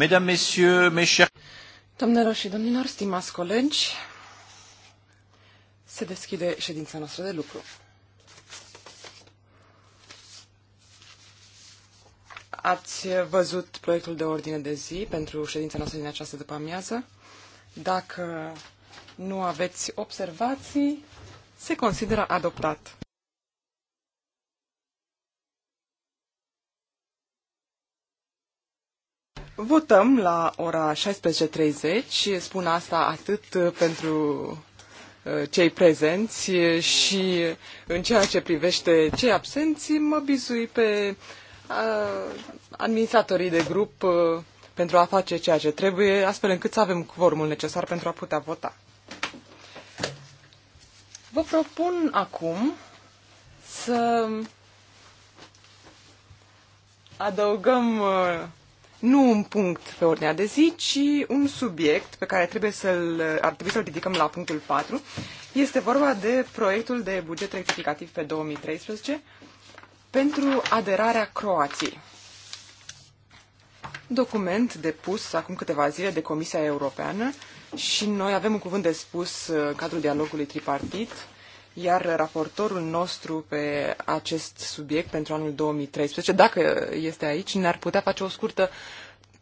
Mesdames, Messieurs, mes chers... Domnilor și domnilor, stimați colegi, se deschide ședința noastră de lucru. Ați văzut proiectul de ordine de zi pentru ședința noastră din această după amiază. Dacă nu aveți observații, se consideră adoptat. Votăm la ora 16.30 și spun asta atât pentru uh, cei prezenți și în ceea ce privește cei absenți, mă bizui pe uh, administratorii de grup uh, pentru a face ceea ce trebuie, astfel încât să avem quorumul necesar pentru a putea vota. Vă propun acum să adăugăm nu un punct pe ordinea de zi, ci un subiect pe care trebuie să-l, ar trebui să-l ridicăm la punctul 4. Este vorba de proiectul de buget rectificativ pe 2013 pentru aderarea Croației. Document depus acum câteva zile de Comisia Europeană și noi avem un cuvânt de spus uh, în cadrul dialogului tripartit iar raportorul nostru pe acest subiect pentru anul 2013, dacă este aici, ne-ar putea face o scurtă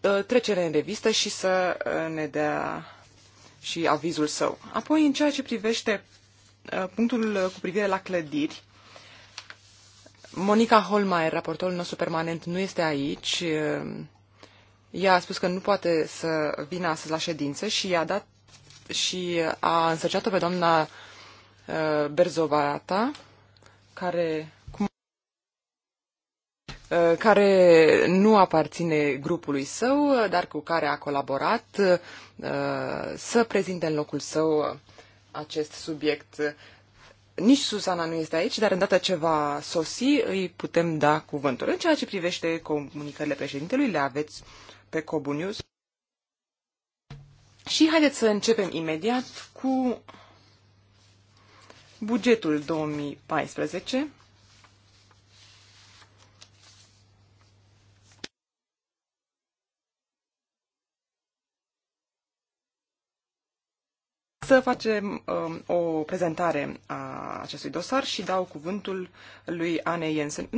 ă, trecere în revistă și să ă, ne dea și avizul său. Apoi, în ceea ce privește ă, punctul cu privire la clădiri, Monica Holmeier, raportorul nostru permanent, nu este aici. Ea a spus că nu poate să vină astăzi la ședință și i-a dat și a însărceat-o pe doamna Uh, Berzovata, care uh, care nu aparține grupului său, dar cu care a colaborat, uh, să prezinte în locul său acest subiect. Nici Susana nu este aici, dar îndată ce va sosi, îi putem da cuvântul. În ceea ce privește comunicările președintelui, le aveți pe Cobunius. Și haideți să începem imediat cu Bugetul 2014 să facem um, o prezentare a acestui dosar și dau cuvântul lui Anne Jensen.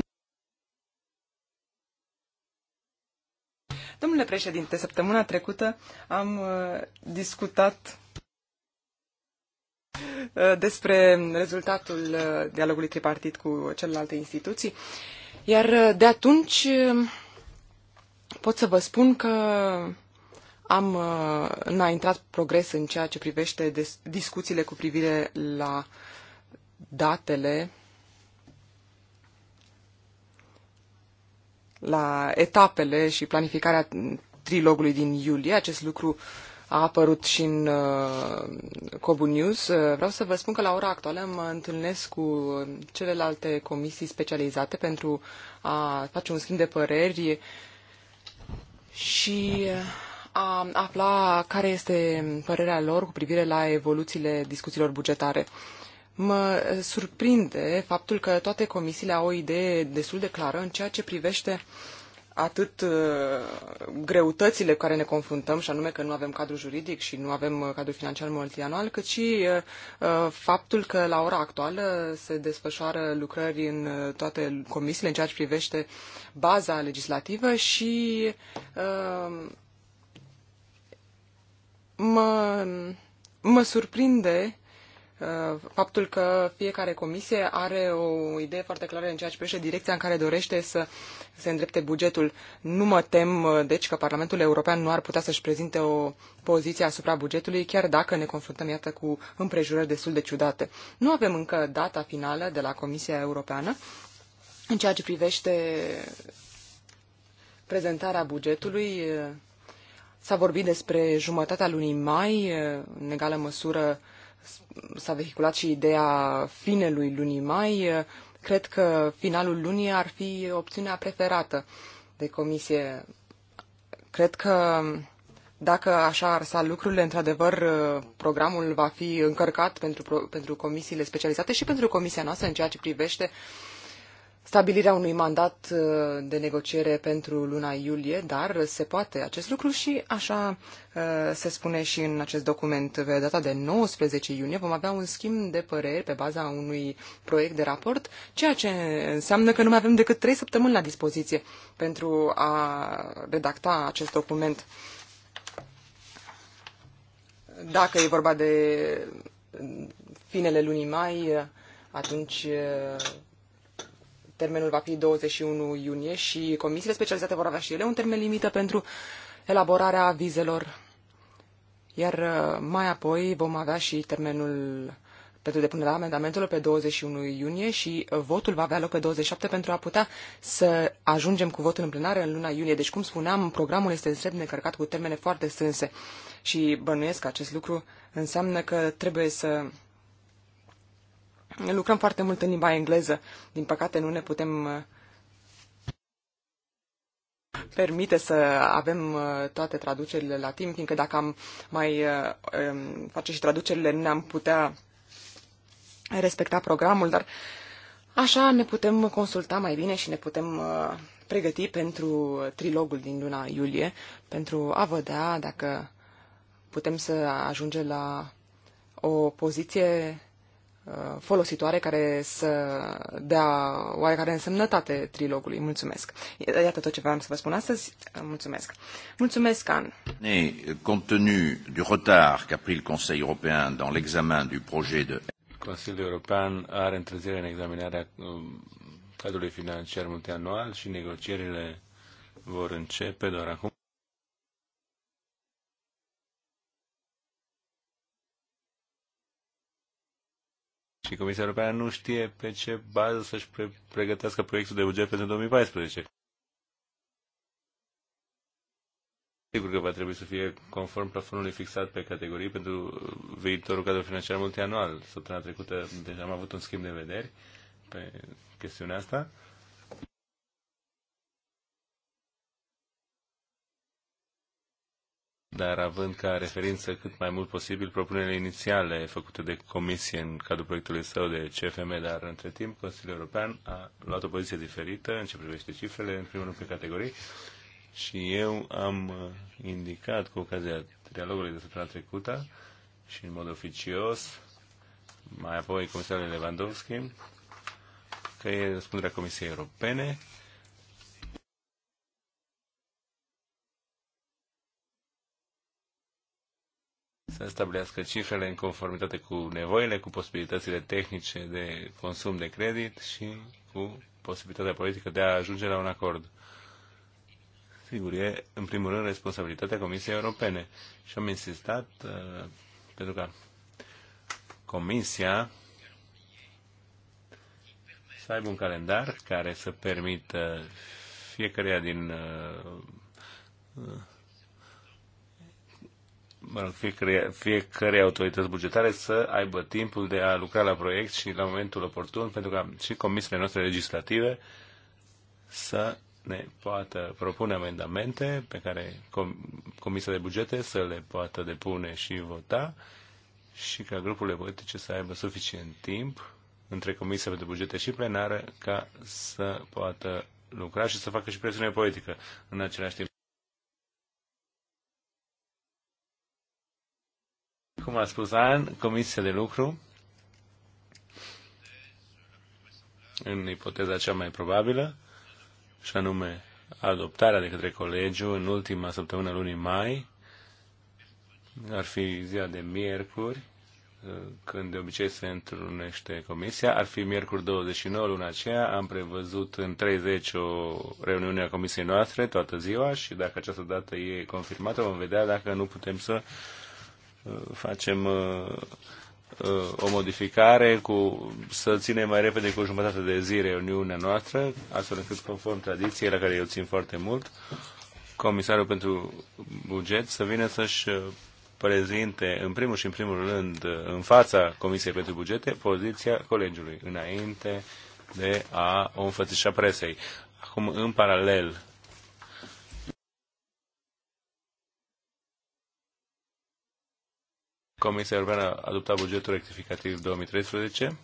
Domnule președinte, săptămâna trecută am uh, discutat Uh, despre rezultatul uh, dialogului tripartit cu celelalte instituții. Iar uh, de atunci pot să vă spun că am înaintat progres în ceea ce privește discuțiile cu privire la datele, la etapele și planificarea trilogului din iulie. Acest lucru uh, a apărut și în uh, Cobu News. Uh, vreau să vă spun că la ora actuală mă întâlnesc cu uh, celelalte comisii specializate pentru a face un schimb de păreri și uh, a afla care este părerea lor cu privire la evoluțiile discuțiilor bugetare. Mă surprinde faptul că toate comisiile au o idee destul de clară în ceea ce privește uh, atât uh, greutățile cu care ne confruntăm, și anume că nu avem cadru juridic și nu avem uh, cadru financiar multianual, cât și uh, faptul că la ora actuală se desfășoară lucrări în toate comisiile în ceea ce privește baza legislativă și mă, mă surprinde Uh, faptul că fiecare comisie are o idee foarte clară în ceea ce privește direcția în care dorește să se îndrepte bugetul. Nu mă tem, uh, deci, că Parlamentul European nu ar putea să-și prezinte o poziție asupra bugetului, chiar dacă ne confruntăm, iată, cu împrejurări destul de ciudate. Nu avem încă data finală de la Comisia Europeană în ceea ce privește prezentarea bugetului. Uh, s-a vorbit despre jumătatea lunii mai, în egală măsură s-a vehiculat și ideea finelui lunii mai. Cred că finalul lunii ar fi opțiunea preferată de comisie. Cred că dacă așa ar sa lucrurile, într-adevăr, programul va fi încărcat pentru, pentru comisiile specializate și pentru comisia noastră în ceea ce privește uh, stabilirea unui mandat uh, de negociere pentru luna iulie, dar se poate acest lucru și așa uh, se spune și în acest document. Pe data de 19 iunie vom avea un schimb de păreri pe baza unui proiect de raport, ceea ce înseamnă că nu mai avem decât 3 săptămâni la dispoziție pentru a redacta acest document. Dacă e vorba de finele lunii mai, atunci uh, Termenul va fi 21 iunie și comisiile specializate vor avea și ele un termen limită pentru elaborarea vizelor. Iar uh, mai apoi vom avea și termenul pentru depunerea amendamentelor pe 21 iunie și uh, votul va avea loc pe 27 pentru a putea să ajungem cu votul în plenară în luna iunie. Deci, cum spuneam, programul este extrem de încărcat cu termene foarte strânse și bănuiesc că acest lucru înseamnă că trebuie să Lucrăm foarte mult în limba engleză. Din păcate nu ne putem uh, permite să avem uh, toate traducerile la timp, fiindcă dacă am mai uh, um, face și traducerile, ne-am putea respecta programul, dar așa ne putem consulta mai bine și ne putem pregăti pentru trilogul din luna iulie, pentru a vedea dacă putem să ajungem la o poziție Uh, folositoare care să dea oarecare însemnătate trilogului. Mulțumesc. Iată tot ce vreau să vă spun astăzi. Mulțumesc. Mulțumesc, An. Compte tenu du retard qu'a pris le Conseil européen dans l'examen du projet de... Consiliul European are întârziere în examinarea um, cadrului financiar multianual și negocierile vor începe doar acum. și Comisia Europeană nu știe pe ce bază să-și pre- pregătească proiectul de buget pentru 2014. Sigur că va trebui să fie conform plafonului fixat pe categorii pentru viitorul cadru financiar multianual. Săptămâna trecută deja deci, am avut un schimb de vederi pe chestiunea asta. dar având ca referință cât mai mult posibil propunerile inițiale făcute de comisie în cadrul proiectului său de CFM, dar între timp Consiliul European a luat o poziție diferită în ce privește cifrele, în primul rând pe categorii, și eu am uh, indicat cu ocazia dialogului de săptămâna trecută și în mod oficios, mai apoi comisarul Lewandowski, că e răspunderea Comisiei Europene să stabilească cifrele în conformitate cu nevoile, cu posibilitățile tehnice de consum de credit și cu posibilitatea politică de a ajunge la un acord. Sigur, e în primul rând responsabilitatea Comisiei Europene și am insistat uh, pentru că Comisia să aibă un calendar care să permită fiecare din uh, mă rog, fiecare, fiecare autorități bugetare să aibă timpul de a lucra la proiect și la momentul oportun, pentru ca și comisiile noastre legislative să ne poată propune amendamente pe care com- Comisia de Bugete să le poată depune și vota și ca grupurile politice să aibă suficient timp între Comisia de Bugete și plenară ca să poată lucra și să facă și presiune politică în același timp. cum a spus An, comisia de lucru, în ipoteza cea mai probabilă, și anume adoptarea de către colegiu în ultima săptămână lunii mai, ar fi ziua de miercuri, când de obicei se întrunește comisia, ar fi miercuri 29 luna aceea, am prevăzut în 30 o reuniune a comisiei noastre toată ziua și dacă această dată e confirmată vom vedea dacă nu putem să facem uh, uh, o modificare cu, să ținem mai repede cu o jumătate de zi reuniunea noastră, astfel încât conform tradiției la care eu țin foarte mult, comisarul pentru buget să vină să-și uh, prezinte în primul și în primul rând în fața Comisiei pentru Bugete poziția colegiului înainte de a o înfățișa presei. Acum, în paralel, Comisia Europeană a adoptat bugetul rectificativ 2013.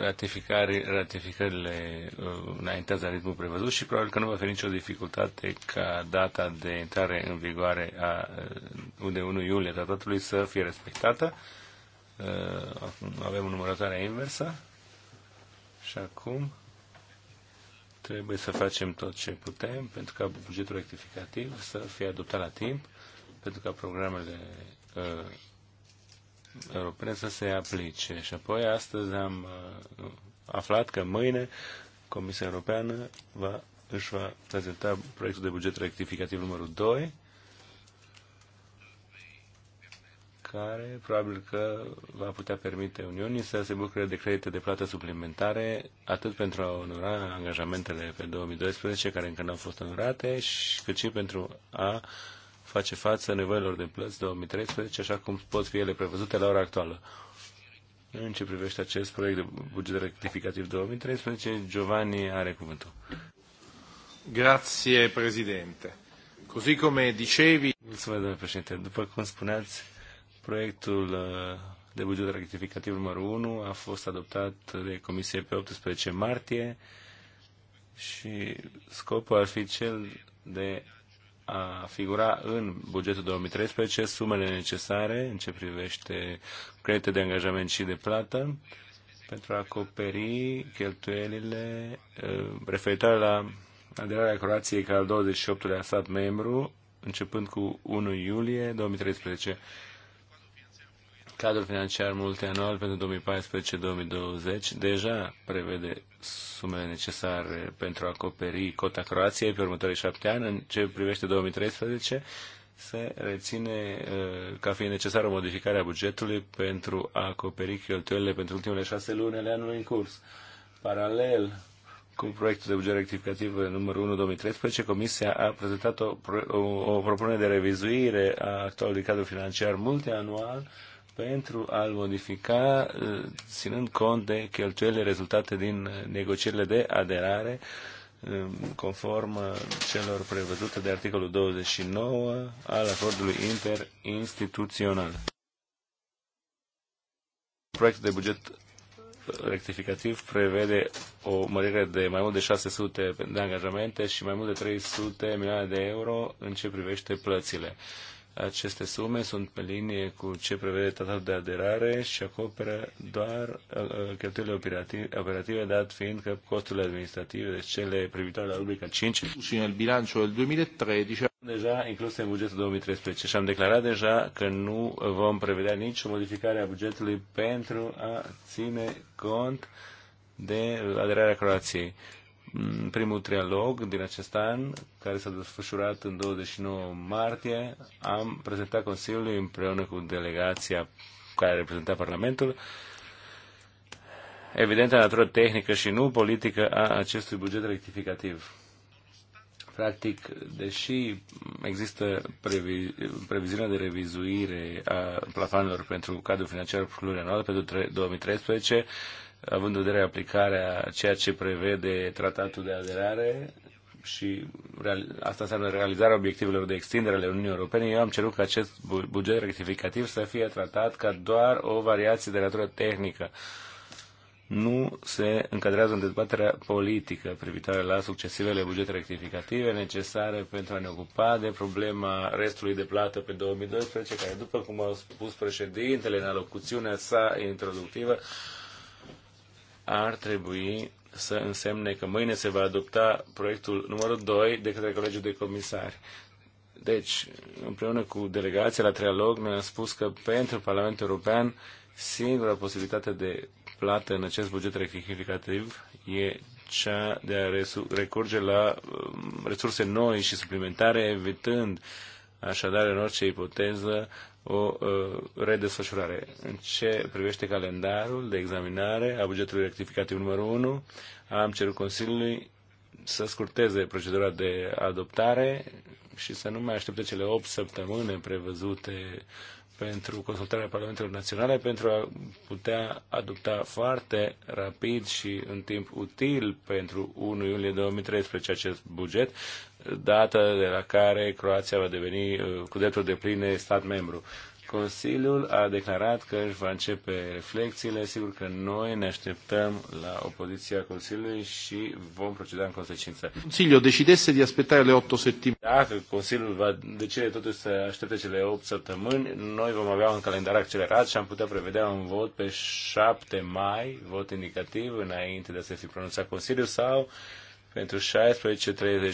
Ratificari, ratificările uh, înaintează la ritmul prevăzut și probabil că nu va fi nicio dificultate ca data de intrare în vigoare a, uh, de 1 iulie tratatului să fie respectată. Uh, acum avem numărătoarea inversă și acum Trebuie să facem tot ce putem pentru ca bugetul rectificativ să fie adoptat la timp, pentru ca programele uh, europene să se aplice. Și apoi astăzi am uh, aflat că mâine Comisia Europeană va, își va prezenta proiectul de buget rectificativ numărul 2 care probabil că va putea permite Uniunii să se bucure de credite de plată suplimentare, atât pentru a onora angajamentele pe 2012, care încă nu au fost onorate, și, cât și pentru a face față nevoilor de plăți 2013, așa cum pot fi ele prevăzute la ora actuală. În ce privește acest proiect de buget rectificativ 2013, Giovanni are cuvântul. Grazie, președinte. Così come dicevi... Mulțumesc, domnule președinte. După cum spuneați, Proiectul uh, de buget rectificativ numărul 1 a fost adoptat de Comisie pe 18 martie și scopul ar fi cel de a figura în bugetul 2013 sumele necesare în ce privește credite de angajament și de plată pentru a acoperi cheltuielile uh, referitoare la aderarea Croației ca al 28-lea stat membru, începând cu 1 iulie 2013. Cadrul financiar multianual pentru 2014-2020 deja prevede sumele necesare pentru a acoperi cota Croației pe următorii șapte ani. În ce privește 2013, se reține uh, ca fiind necesară modificarea bugetului pentru a acoperi cheltuielile pentru ultimele șase luni ale anului în curs. Paralel cu proiectul de buget rectificativ numărul 1 2013, Comisia a prezentat o, o, o propunere de revizuire a actualului cadru financiar multianual pentru a-l modifica, uh, ținând cont de cheltuielile rezultate din uh, negocierile de aderare, um, conform uh, celor prevăzute de articolul 29 al acordului interinstituțional. Proiectul de buget rectificativ prevede o mărire de mai mult de 600 de angajamente și mai mult de 300 milioane de euro în ce privește plățile. Aceste sume sunt pe linie cu ce prevede tratatul de aderare și acoperă doar uh, uh, cheltuielile operative, operative, dat fiind că costurile administrative, deci cele privitoare la rubrica 5, și în bilanțul 2013, deja incluse în bugetul 2013 și am declarat deja că nu vom prevedea nicio modificare a bugetului pentru a ține cont de aderarea Croației primul trialog din acest an, care s-a desfășurat în 29 martie, am prezentat Consiliului împreună cu delegația care reprezenta Parlamentul evidentă natură tehnică și nu politică a acestui buget rectificativ. Practic, deși există previ, previziunea de revizuire a plafanelor pentru cadrul financiar plurianual pentru 2013, având în vedere aplicarea ceea ce prevede tratatul de aderare și real, asta înseamnă realizarea obiectivelor de extindere ale Uniunii Europene, eu am cerut ca acest buget rectificativ să fie tratat ca doar o variație de natură tehnică. Nu se încadrează în dezbaterea politică privitoare la succesivele bugete rectificative necesare pentru a ne ocupa de problema restului de plată pe 2012, care, după cum a spus președintele în alocuțiunea sa introductivă, ar trebui să însemne că mâine se va adopta proiectul numărul 2 de către Colegiul de Comisari. Deci, împreună cu delegația la trialog, noi am spus că pentru Parlamentul European singura posibilitate de plată în acest buget rectificativ e cea de a recurge la um, resurse noi și suplimentare, evitând așadar în orice ipoteză o uh, redesfășurare. În ce privește calendarul de examinare a bugetului rectificativ numărul 1, am cerut Consiliului să scurteze procedura de adoptare și să nu mai aștepte cele 8 săptămâni prevăzute pentru consultarea parlamentului Naționale pentru a putea adopta foarte rapid și în timp util pentru 1 iulie 2013 acest buget, dată de la care Croația va deveni uh, cu dreptul de pline stat membru. Consiliul a declarat că își va începe reflexiile. Sigur că noi ne așteptăm la opoziția Consiliului și vom proceda în consecință. Consiliul decidese de aspettare le 8 săptămâni. Dacă Consiliul va decide totuși să aștepte cele 8 săptămâni, noi vom avea un calendar accelerat și am putea prevedea un vot pe 7 mai, vot indicativ, înainte de a se fi pronunțat Consiliul sau pentru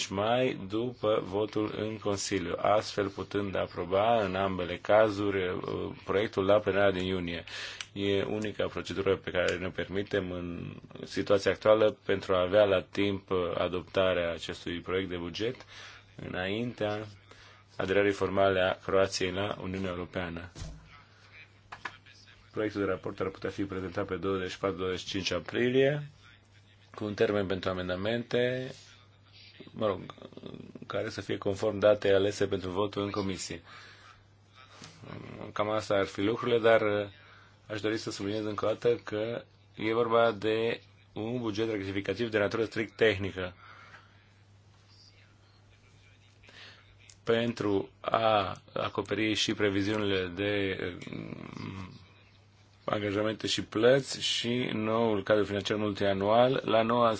16-30 mai după votul în Consiliu, astfel putând aproba în ambele cazuri uh, proiectul la plenara din iunie. E unica procedură pe care ne permitem în situația actuală pentru a avea la timp uh, adoptarea acestui proiect de buget înaintea aderării formale a Croației la Uniunea Europeană. Proiectul de raport ar putea fi prezentat pe 24-25 aprilie cu un termen pentru amendamente, mă rog, care să fie conform date alese pentru votul în comisie. Cam asta ar fi lucrurile, dar uh, aș dori să subliniez încă o dată că e vorba de un buget rectificativ de natură strict tehnică. pentru a acoperi și previziunile de uh, angajamente și plăți și noul cadru financiar multianual la noua,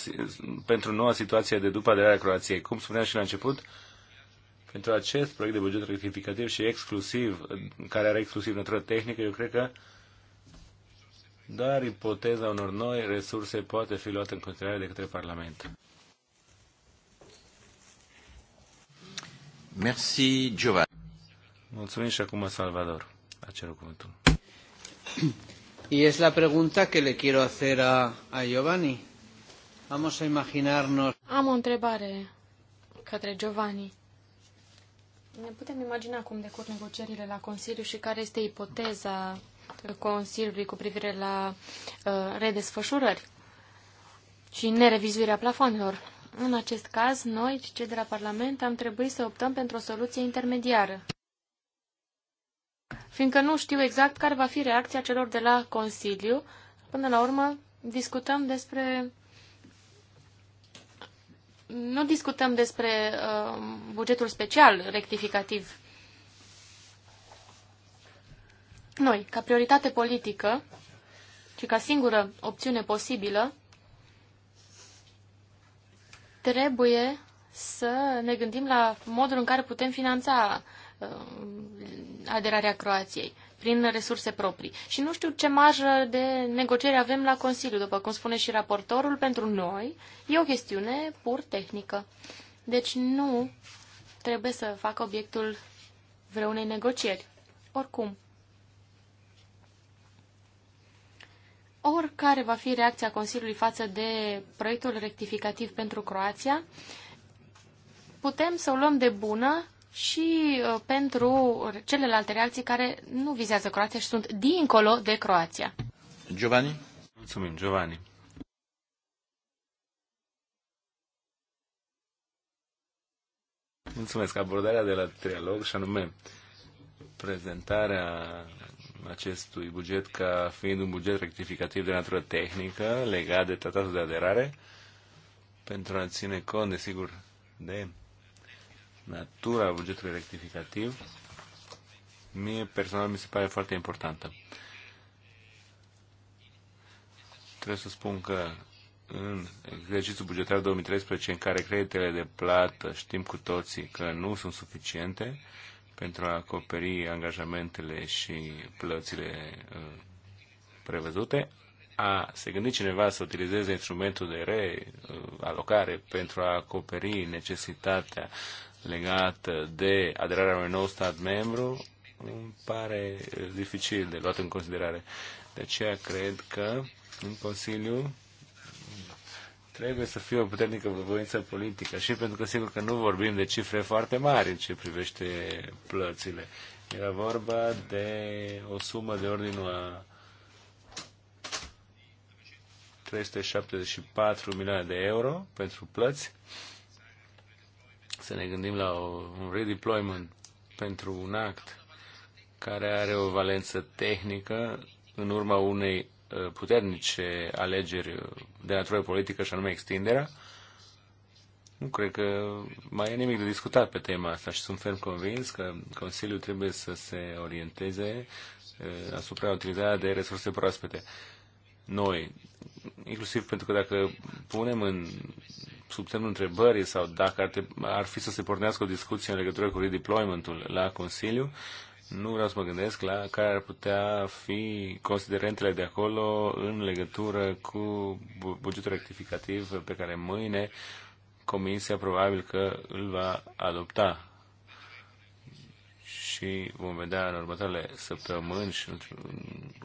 pentru noua situație de după aderarea Croației. Cum spuneam și la început, pentru acest proiect de buget rectificativ și exclusiv, care are exclusiv natură tehnică, eu cred că doar ipoteza unor noi resurse poate fi luată în considerare de către Parlament. Merci, Giovanni. Mulțumim și acum Salvador. A cerut cuvântul. Y es la pregunta que le quiero hacer a, a Giovanni. Vamos a imaginarnos. Am o întrebare către Giovanni. Ne putem imagina cum decurg negocierile la Consiliu și care este ipoteza Consiliului cu privire la uh, redesfășurări și nerevizuirea plafonelor. În acest caz, noi, cei de la Parlament, am trebuit să optăm pentru o soluție intermediară fiindcă nu știu exact care va fi reacția celor de la Consiliu. Până la urmă, discutăm despre... Nu discutăm despre uh, bugetul special rectificativ. Noi, ca prioritate politică și ca singură opțiune posibilă, trebuie să ne gândim la modul în care putem finanța uh, Um, aderarea Croației prin resurse proprii. Și nu știu ce marjă de negociere avem la Consiliu, după cum spune și raportorul, pentru noi e o chestiune pur tehnică. Deci nu trebuie să facă obiectul vreunei negocieri. Oricum. Oricare va fi reacția Consiliului față de proiectul rectificativ pentru Croația, putem să o luăm de bună și uh, pentru celelalte reacții care nu vizează Croația și sunt dincolo de Croația. Giovanni? Mulțumim, Giovanni. Mulțumesc. Abordarea de la trialog și anume prezentarea acestui buget ca fiind un buget rectificativ de natură tehnică legat de tratatul de aderare pentru a ține cont, desigur, de natura bugetului rectificativ, mie personal mi se pare foarte importantă. Trebuie să spun că în exercițiul bugetar 2013, în care creditele de plată știm cu toții că nu sunt suficiente pentru a acoperi angajamentele și plățile uh, prevăzute, a se gândi cineva să utilizeze instrumentul de realocare pentru a acoperi necesitatea Legat de aderarea unui nou stat membru îmi pare dificil de luat în considerare. De aceea cred că în Consiliu trebuie să fie o puternică voință politică și pentru că sigur că nu vorbim de cifre foarte mari în ce privește plățile. Era vorba de o sumă de ordinul a 374 milioane de euro pentru plăți să ne gândim la o, un redeployment pentru un act care are o valență tehnică în urma unei uh, puternice alegeri de natură politică și anume extinderea. Nu cred că mai e nimic de discutat pe tema asta și sunt ferm convins că Consiliul trebuie să se orienteze uh, asupra utilizarea de resurse proaspete noi, inclusiv pentru că dacă punem în sub semnul întrebării sau dacă ar, te, ar fi să se pornească o discuție în legătură cu deployment-ul la Consiliu, nu vreau să mă gândesc la care ar putea fi considerentele de acolo în legătură cu bugetul rectificativ pe care mâine Comisia probabil că îl va adopta și vom vedea în următoarele săptămâni și în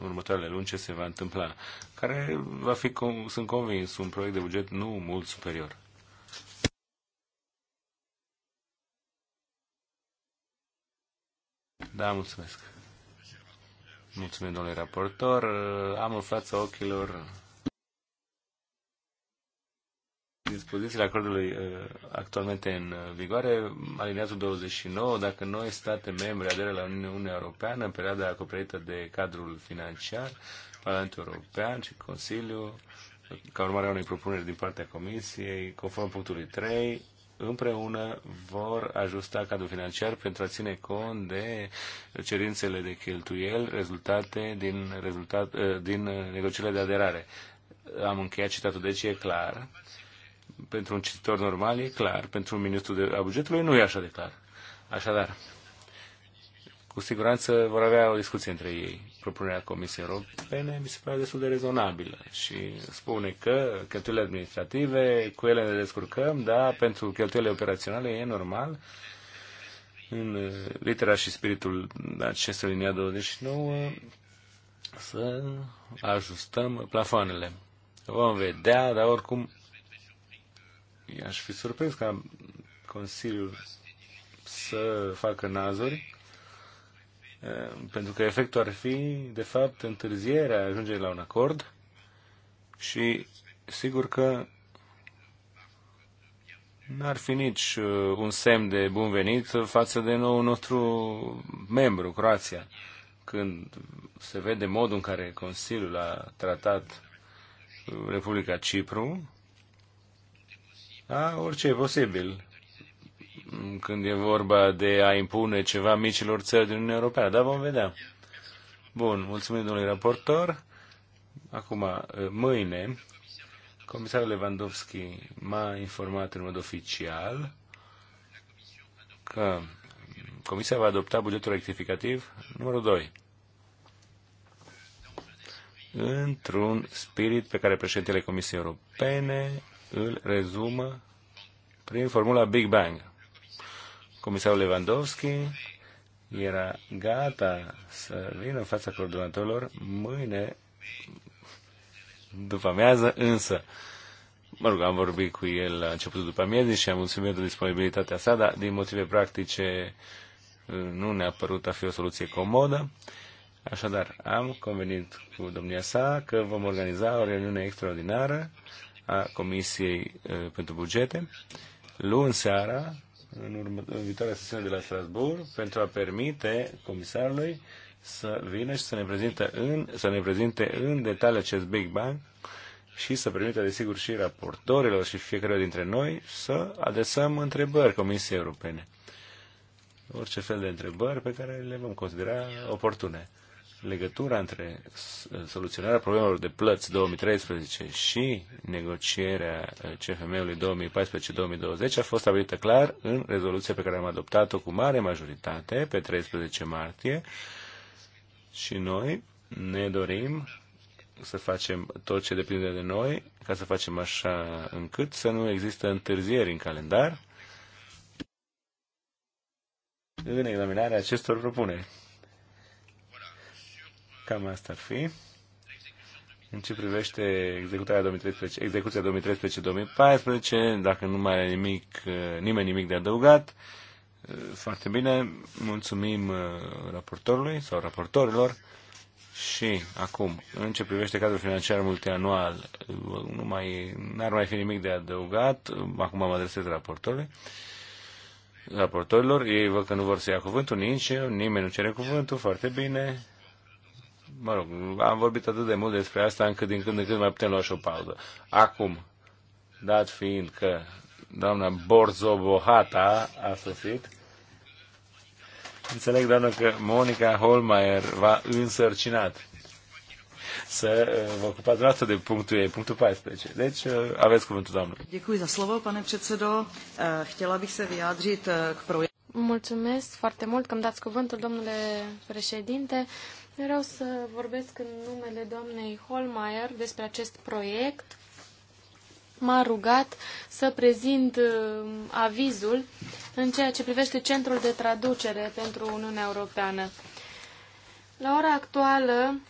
următoarele luni ce se va întâmpla, care va fi, sunt convins, un proiect de buget nu mult superior. Da, mulțumesc. Mulțumim, domnule raportor. Am în fața ochilor dispozițiile acordului uh, actualmente în uh, vigoare, alineatul 29, dacă noi state membre aderă la Uniunea Europeană în perioada acoperită de cadrul financiar, Parlamentul European și Consiliul, ca urmare a unei propuneri din partea Comisiei, conform punctului 3, împreună vor ajusta cadrul financiar pentru a ține cont de cerințele de cheltuiel rezultate din, rezultat, uh, din negocierile de aderare. Am încheiat citatul, deci e clar pentru un cititor normal e clar, pentru un ministru de, a bugetului nu e așa de clar. Așadar, cu siguranță vor avea o discuție între ei. Propunerea Comisiei Europene mi se pare destul de rezonabilă și spune că cheltuielile administrative, cu ele ne descurcăm, dar pentru cheltuielile operaționale e normal în litera și spiritul acestui linia 29 să ajustăm plafoanele. Vom vedea, dar oricum aș fi surprins ca Consiliul să facă nazuri, pentru că efectul ar fi, de fapt, întârzierea ajungerii la un acord și sigur că n-ar fi nici un semn de bun venit față de nou nostru membru, Croația, când se vede modul în care Consiliul a tratat Republica Cipru, da, orice e posibil când e vorba de a impune ceva micilor țări din Uniunea Europeană, dar vom vedea. Bun, mulțumim domnului raportor. Acum, mâine, comisarul Lewandowski m-a informat în mod oficial că Comisia va adopta bugetul rectificativ numărul 2 într-un spirit pe care președintele Comisiei Europene îl rezumă prin formula Big Bang. Comisarul Lewandowski era gata să vină în fața coordonatorilor mâine după amiază, însă mă rog, am vorbit cu el la începutul după amiază și am mulțumit de disponibilitatea sa, dar din motive practice uh, nu ne-a părut a fi o soluție comodă. Așadar, am convenit cu domnia sa că vom organiza o reuniune extraordinară a Comisiei pentru Bugete, luni seara, în, urmă, în viitoarea sesiune de la Strasbourg, pentru a permite comisarului să vină și să ne prezinte în, să ne prezinte în detaliu acest Big Bang și să permită, desigur, și raportorilor și fiecare dintre noi să adresăm întrebări Comisiei Europene. Orice fel de întrebări pe care le vom considera oportune legătura între soluționarea problemelor de plăți 2013 și negocierea uh, CFM-ului 2014-2020 a fost stabilită clar în rezoluția pe care am adoptat-o cu mare majoritate pe 13 martie și noi ne dorim să facem tot ce depinde de noi ca să facem așa încât să nu există întârzieri în calendar în examinarea acestor propuneri. Cam asta ar fi. În ce privește executarea 2013, execuția 2013-2014, dacă nu mai are nimic, eh, nimeni nimic de adăugat, eh, foarte bine, mulțumim eh, raportorului sau raportorilor și acum, în ce privește cadrul financiar multianual, nu mai, n-ar mai fi nimic de adăugat, acum mă adresez raportorului, raportorilor, ei văd că nu vor să ia cuvântul, nici eu, nimeni nu cere cuvântul, foarte bine, mă rog, am vorbit atât de mult despre asta încât din când în când mai putem lua și o pauză. Acum, dat fiind că doamna Borzobohata a sosit, înțeleg, doamnă, că Monica Holmeier va însărcinat să uh, vă ocupați dumneavoastră de punctul ei, punctul 14. Deci uh, aveți cuvântul, doamnă. Děkuji za slovo, pane předsedo. Uh, chtěla bych se vyjádřit k projektu. Mulțumesc foarte mult că îmi dați cuvântul, domnule președinte. Vreau să vorbesc în numele doamnei Holmeier despre acest proiect. M-a rugat să prezint uh, avizul în ceea ce privește Centrul de Traducere pentru Uniunea Europeană. La ora actuală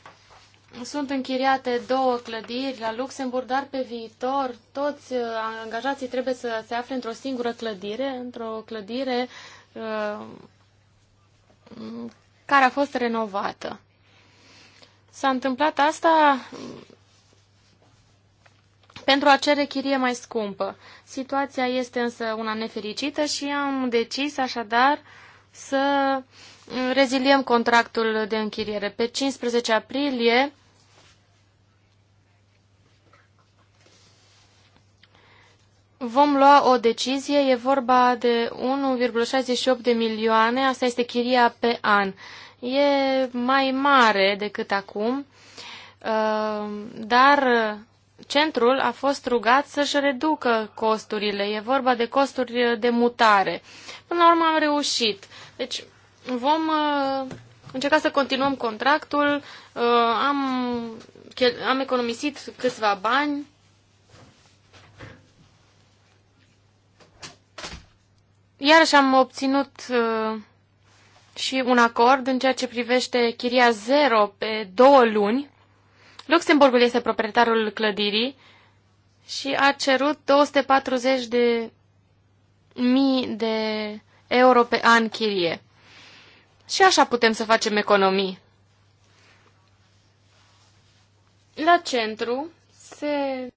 sunt închiriate două clădiri la Luxemburg, dar pe viitor toți uh, angajații trebuie să se afle într-o singură clădire, într-o clădire uh, care a fost renovată. S-a întâmplat asta pentru a cere chirie mai scumpă. Situația este însă una nefericită și am decis așadar să reziliem contractul de închiriere. Pe 15 aprilie vom lua o decizie. E vorba de 1,68 de milioane. Asta este chiria pe an e mai mare decât acum, uh, dar centrul a fost rugat să-și reducă costurile. E vorba de costuri de mutare. Până la urmă am reușit. Deci vom uh, încerca să continuăm contractul. Uh, am, am economisit câțiva bani. Iarăși am obținut și un acord în ceea ce privește chiria zero pe două luni. Luxemburgul este proprietarul clădirii și a cerut 240 de mii de euro pe an chirie. Și așa putem să facem economii. La centru se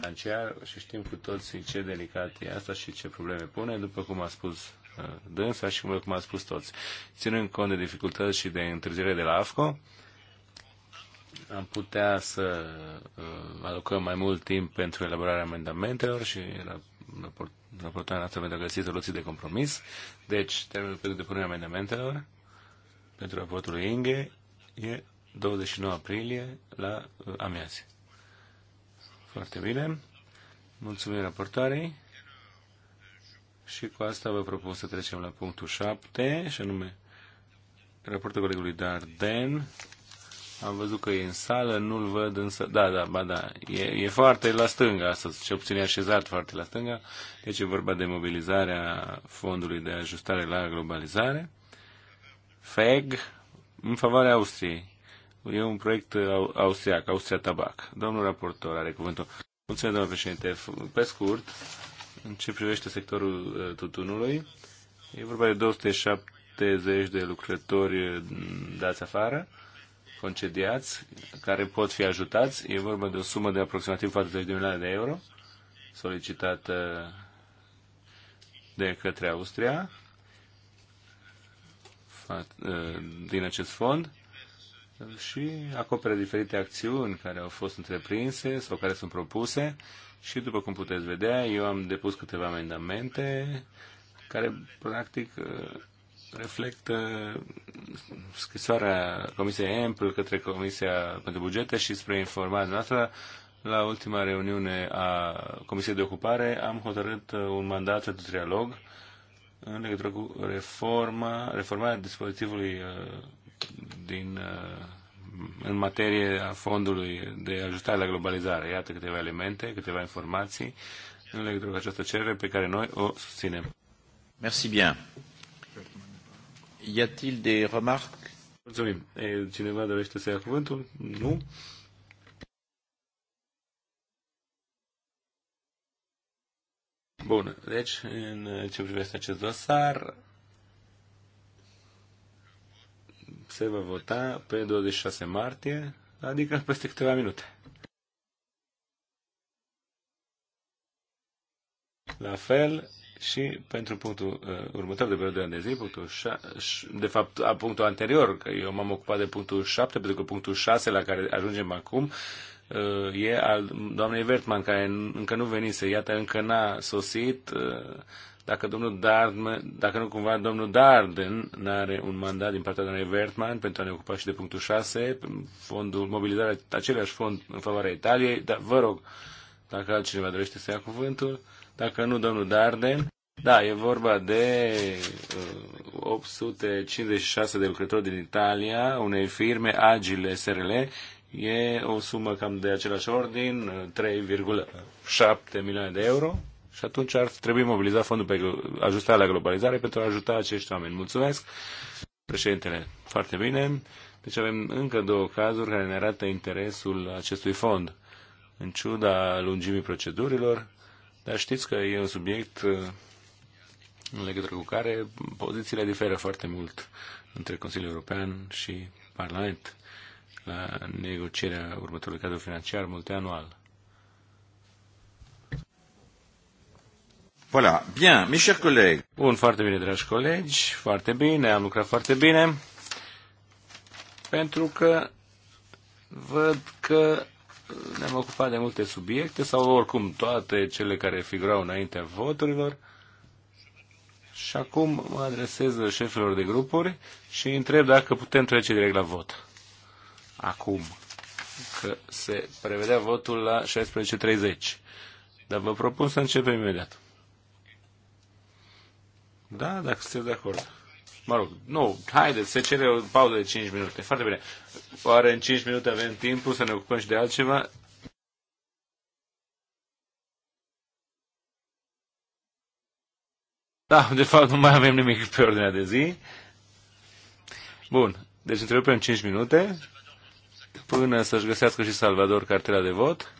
financiar și știm cu toții ce delicat e asta și ce probleme pune, după cum a spus uh, dânsa și cum a spus toți. Ținând cont de dificultăți și de întârziere de la AFCO, am putea să uh, alocăm mai mult timp pentru elaborarea amendamentelor și la raportarea noastră pentru a găsi soluții de compromis. Deci, termenul pentru depunerea amendamentelor pentru raportul INGE e 29 aprilie la uh, amiază. Foarte bine. Mulțumim raportoarei. Și cu asta vă propun să trecem la punctul 7, și anume raportul colegului Darden. Am văzut că e în sală, nu-l văd însă... Da, da, ba da, e, e foarte la stânga astăzi, ce obține așezat foarte la stânga. Deci e vorba de mobilizarea Fondului de Ajustare la Globalizare, FEG, în favoarea Austriei. E un proiect uh, austriac, Austria Tabac. Domnul raportor are cuvântul. Mulțumesc, domnul președinte. Pe scurt, în ce privește sectorul uh, tutunului, e vorba de 270 de lucrători uh, dați afară, concediați, care pot fi ajutați. E vorba de o sumă de aproximativ 40 de milioane de euro solicitată de către Austria din acest fond și acoperă diferite acțiuni care au fost întreprinse sau care sunt propuse și după cum puteți vedea, eu am depus câteva amendamente care practic reflectă scrisoarea Comisiei EMPL către Comisia pentru Bugete și spre informarea noastră la ultima reuniune a Comisiei de Ocupare am hotărât uh, un mandat de trialog în legătură cu reforma, reformarea dispozitivului uh, din, uh, în materie a fondului de ajustare la globalizare. Iată câteva elemente, câteva informații în legătură cu această cerere pe care noi o susținem. Merci bien. Y a-t-il des remarques? Mulțumim. Cineva dorește să ia cuvântul? Nu? Bun, deci în ce privește acest dosar, se va vota pe 26 martie, adică peste câteva minute. La fel și pentru punctul uh, următor de pe de zi, punctul de fapt, a punctul anterior, că eu m-am ocupat de punctul 7, pentru că punctul 6 la care ajungem acum uh, e al doamnei Vertman, care încă nu venise, iată, încă n-a sosit, uh, dacă, domnul Darden, dacă nu cumva domnul Darden are un mandat din partea doamnei Vertman pentru a ne ocupa și de punctul 6, fondul, mobilizarea același fond în favoarea Italiei, dar vă rog, dacă altcineva dorește să ia cuvântul, dacă nu domnul Darden, da, e vorba de uh, 856 de lucrători din Italia, unei firme Agile SRL, e o sumă cam de același ordin, 3,7 uh, milioane de euro. Și atunci ar trebui mobilizat fondul pe ajustarea la globalizare pentru a ajuta acești oameni. Mulțumesc, președintele. Foarte bine. Deci avem încă două cazuri care ne arată interesul acestui fond, în ciuda lungimii procedurilor, dar știți că e un subiect uh, în legătură cu care pozițiile diferă foarte mult între Consiliul European și Parlament la negocierea următorului cadru financiar multianual. Voilà. Bien, mes chers collègues. Bun, foarte bine, dragi colegi. Foarte bine, am lucrat foarte bine. Pentru că văd că ne-am ocupat de multe subiecte sau oricum toate cele care figurau înaintea voturilor. Și acum mă adresez șefilor de grupuri și întreb dacă putem trece direct la vot. Acum. Că se prevedea votul la 16.30. Dar vă propun să începem imediat. Da, dacă sunteți de acord. Mă rog, nu, haideți, se cere o pauză de 5 minute. Foarte bine. Oare în 5 minute avem timpul să ne ocupăm și de altceva? Da, de fapt nu mai avem nimic pe ordinea de zi. Bun, deci întrerupem 5 minute până să-și găsească și Salvador cartela de vot.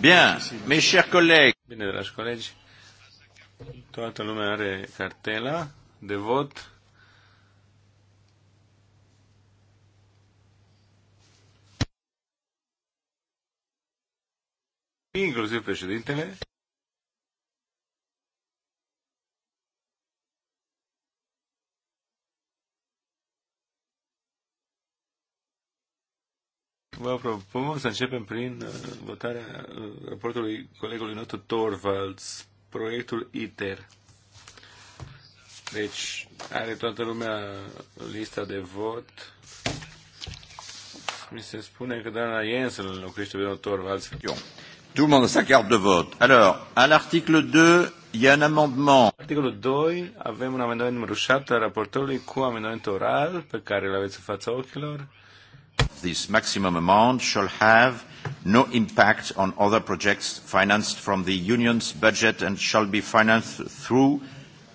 Bien, mes chers collègues. Bine, dragi colegi, toată lumea are cartela de vot. Inclusiv președintele. Vom să începem prin uh, votarea uh, raportului colegului nostru Torvalds, proiectul ITER. Deci are toată lumea lista de vot. Mi se spune că Dana Jensen îl locuiește pe domnul Torvalds. Tout le monde a sa carte de vote. Alors, à l'article 2, il y a un amendement. Articolul 2, avem un amendament numărul 7 al raportorului cu amendament oral pe care îl aveți în fața ochilor this maximum amount shall have no impact on other projects financed from the Union's budget and shall be financed through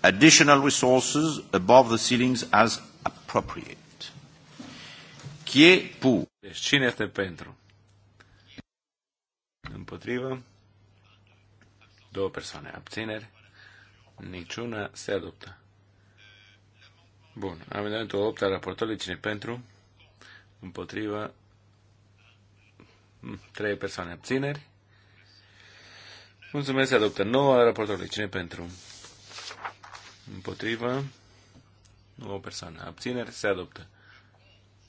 additional resources above the ceilings as appropriate. Qui est pour? Deci, cine este pentru? Împotrivă? Două persoane abțineri. Niciuna se adoptă. Bun. Amendamentul 8 al raportorului. Cine pentru? împotriva, hmm, trei persoane abțineri. Mulțumesc, se adoptă 9 raportului. Cine pentru? Împotrivă. O persoană. Abțineri se adoptă.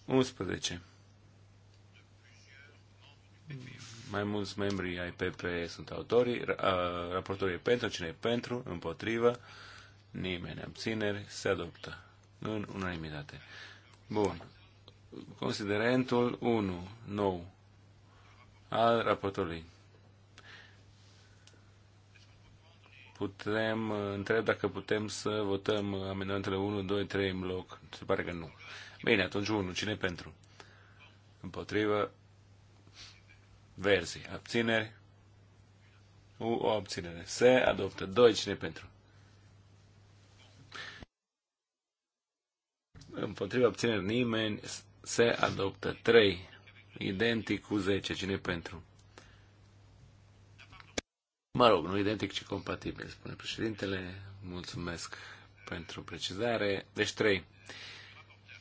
11. Mai mulți membri ai PP sunt autorii. Raportorul e pentru. Cine e pentru? Împotrivă. Nimeni. Abțineri se adoptă. În unanimitate. Bun. Considerentul 1, nou, al raportului. Putem, uh, întreb dacă putem să votăm amendamentele 1, 2, 3 în bloc. Se pare că nu. Bine, atunci 1. Cine pentru? Împotrivă. Verzi. Abțineri. U, o abținere. Se adoptă. 2. Cine pentru? Împotrivă abțineri nimeni se adoptă. 3. Identic cu 10. Cine pentru? Mă rog, nu identic, ci compatibil, spune președintele. Mulțumesc pentru precizare. Deci 3.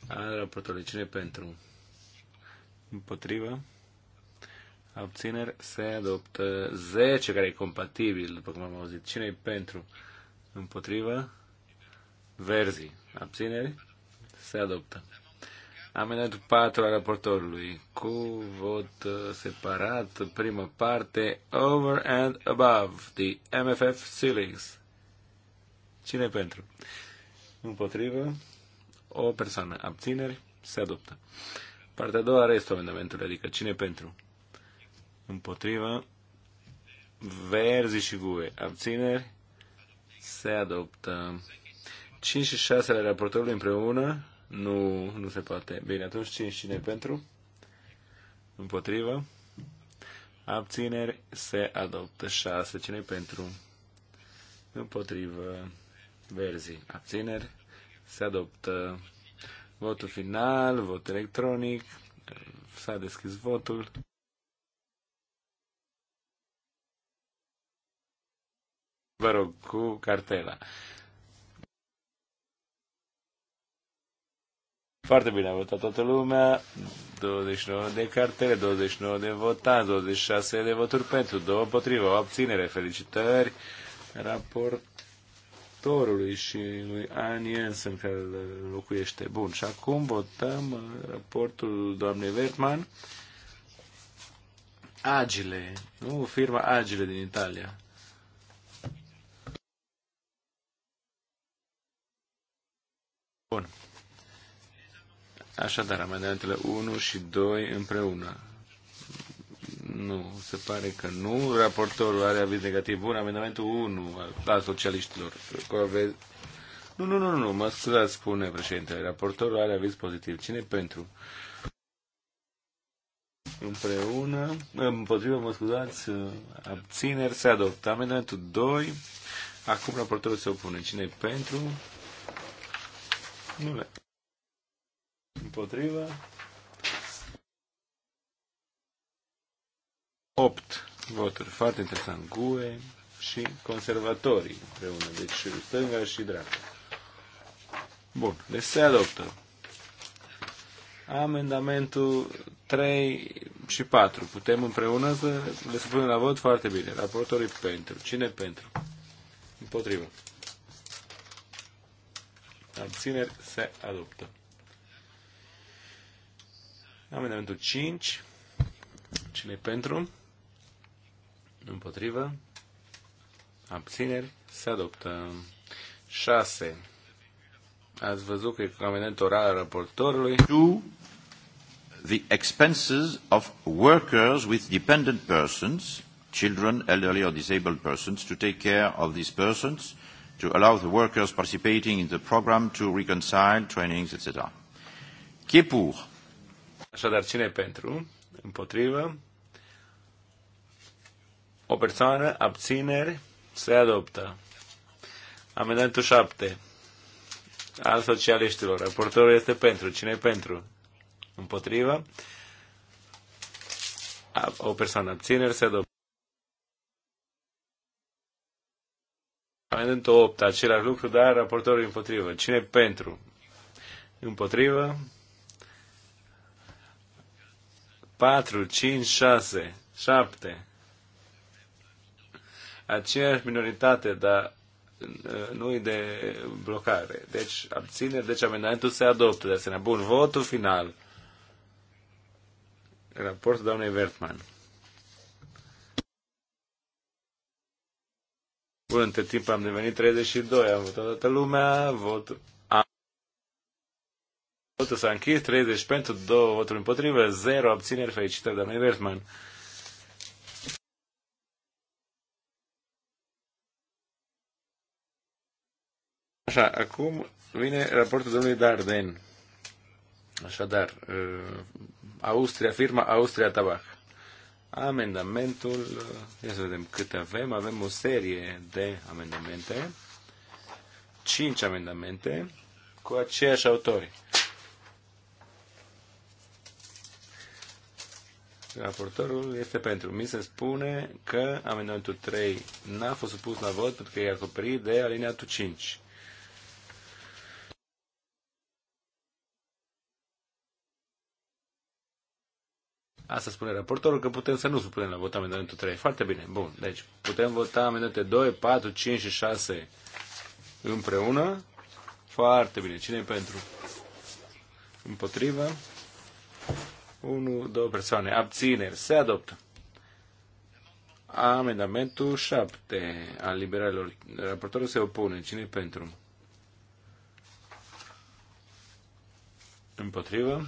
Al raportului. Cine pentru? Împotrivă. Abțineri se adoptă 10, care e compatibil, după cum am auzit. Cine e pentru? Împotrivă? Verzi. Abțineri? Se adoptă. Amendamentul 4 al raportorului cu vot uh, separat, prima parte, over and above the MFF ceilings. Cine pentru? Împotrivă? O persoană. Abțineri? Se adoptă. Partea a doua, restul amendamentului, adică cine pentru? Împotrivă? Verzi și GUE. Abțineri? Se adoptă. 5 și 6 ale raportorului împreună. Nu, nu se poate. Bine, atunci cine cine pentru? Împotrivă. Abțineri se adoptă 6. cine pentru? Împotrivă. Verzi. Abțineri se adoptă. Votul final, vot electronic. S-a deschis votul. Vă rog, cu cartela. Foarte bine a votat toată lumea. 29 de cartele, 29 de votanți, 26 de voturi pentru, 2 împotrivă, o abținere. Felicitări raportorului și lui Anies în care îl locuiește. Bun, și acum votăm uh, raportul doamnei Vertman. Agile, nu firma Agile din Italia. Bun. Așadar, amendamentele 1 și 2 împreună. Nu, se pare că nu. Raportorul are aviz negativ. Bun, amendamentul 1 al, al socialiștilor. Ave... Nu, nu, nu, nu, mă scuzați, spune președintele. Raportorul are aviz pozitiv. Cine pentru? Împreună, împotriva, mă scuzați, abțineri se adoptă. Amendamentul 2. Acum raportorul se opune. Cine pentru? Nu le. Împotriva. 8 voturi. Foarte interesant. GUE și conservatorii împreună. Deci stânga și dreapta. Bun. Deci se adoptă. Amendamentul 3 și 4. Putem împreună să le spunem la vot foarte bine. Raportorii pentru. Cine pentru? Împotrivă. Abțineri se adoptă. Amendamentul 5. Cine pentru? Împotrivă? Abțineri? Se adoptă. 6. Ați văzut că e amendament oral al raportorului. To the expenses of workers with dependent persons, children, elderly or disabled persons, to take care of these persons, to allow the workers participating in the program to reconcile trainings, etc. Qui est pour? Așadar, cine e pentru? Împotrivă. O persoană, abțineri, se adoptă. Amendamentul 7 al socialiștilor. Raportorul este pentru. Cine e pentru? Împotrivă. O persoană abțineri se adoptă. Amendamentul 8, același lucru, dar raportorul împotrivă. Cine pentru? Împotrivă. 4, 5, 6, 7. Aceeași minoritate, dar nu e de blocare. Deci abține, deci amendamentul se adoptă de asemenea. Bun, votul final. Raportul doamnei Wertmann. Bun, între timp am devenit 32, am votat toată lumea, votul Totul s-a închis, 30 pentru, 2 voturi împotrivă, 0 abțineri, fericită de noi, Wertmann. Așa, acum vine raportul domnului Darden. Așadar, uh, Austria, firma Austria Tabac. Amendamentul, uh, ia să vedem câte avem, avem o serie de amendamente, 5 amendamente cu aceiași autori. Raportorul este pentru. Mi se spune că amendamentul 3 n-a fost supus la vot pentru că e acoperit de alineatul 5. Asta spune raportorul că putem să nu supunem la vot amendamentul 3. Foarte bine. Bun. Deci putem vota amendamente 2, 4, 5 și 6 împreună. Foarte bine. Cine e pentru? Împotrivă. 1, 2 persoane. Abțineri. Se adoptă. Amendamentul 7 al liberalilor. Raportorul se opune. cine pentru? Împotrivă.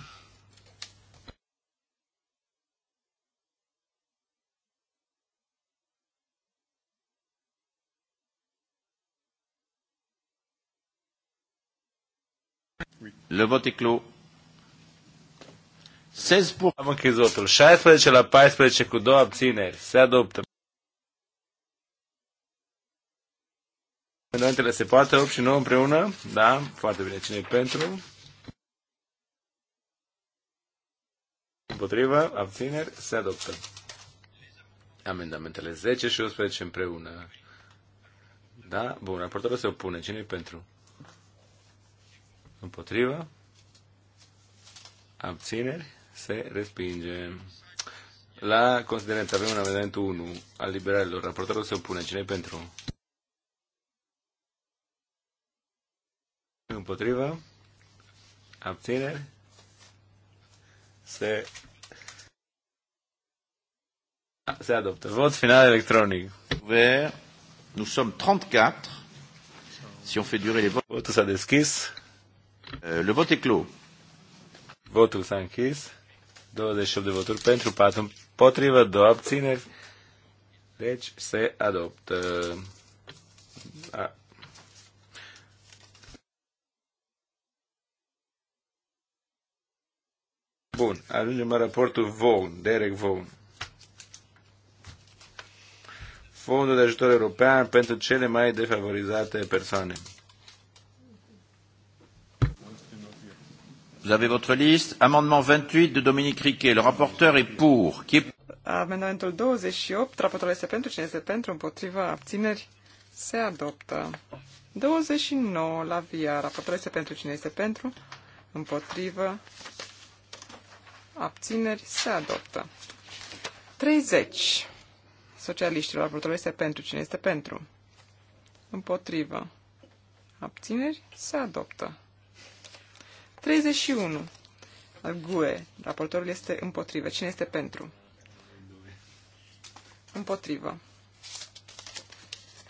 Le vote est clos. Se spune... Am închis votul. 16 la 14 cu două abțineri. Se adoptă. Amendamentele se poate 8 și 9 împreună? Da, foarte bine. Cine e pentru? Împotrivă, abțineri, se adoptă. Amendamentele 10 și 11 împreună. Da? Bun, raportorul se opune. cine e pentru? Împotrivă? Abțineri? se respinge. La considerent avem un amendament 1 al liberalilor. Raportorul se opune. Cine pentru? Împotrivă? Abțineri? Se... Se adoptă. Vot final electronic. Ouvert. Nous sommes 34. Si on fait durer les votes. Votul s-a deschis. Euh, le vote est clos. Votul s-a închis. 28 de voturi pentru, 4 împotrivă, 2 abțineri. Deci se adoptă. A. Bun, ajungem la raportul Vaughan, Derek Vaughan. Fondul de ajutor european pentru cele mai defavorizate persoane. Vous avez votre liste. Amendement 28 de Dominique Riquet. Le rapporteur est pour. Qui est... Amendamentul 28, raportul este pentru, cine este pentru, împotriva, abțineri, se adoptă. 29 la via, raportul este pentru, cine este pentru, împotrivă, abțineri, se adoptă. 30. Socialiștilor, raportul este pentru, cine este pentru, împotrivă, abțineri, se adoptă. 31 al GUE. Raportorul este împotrivă. Cine este pentru? Împotrivă.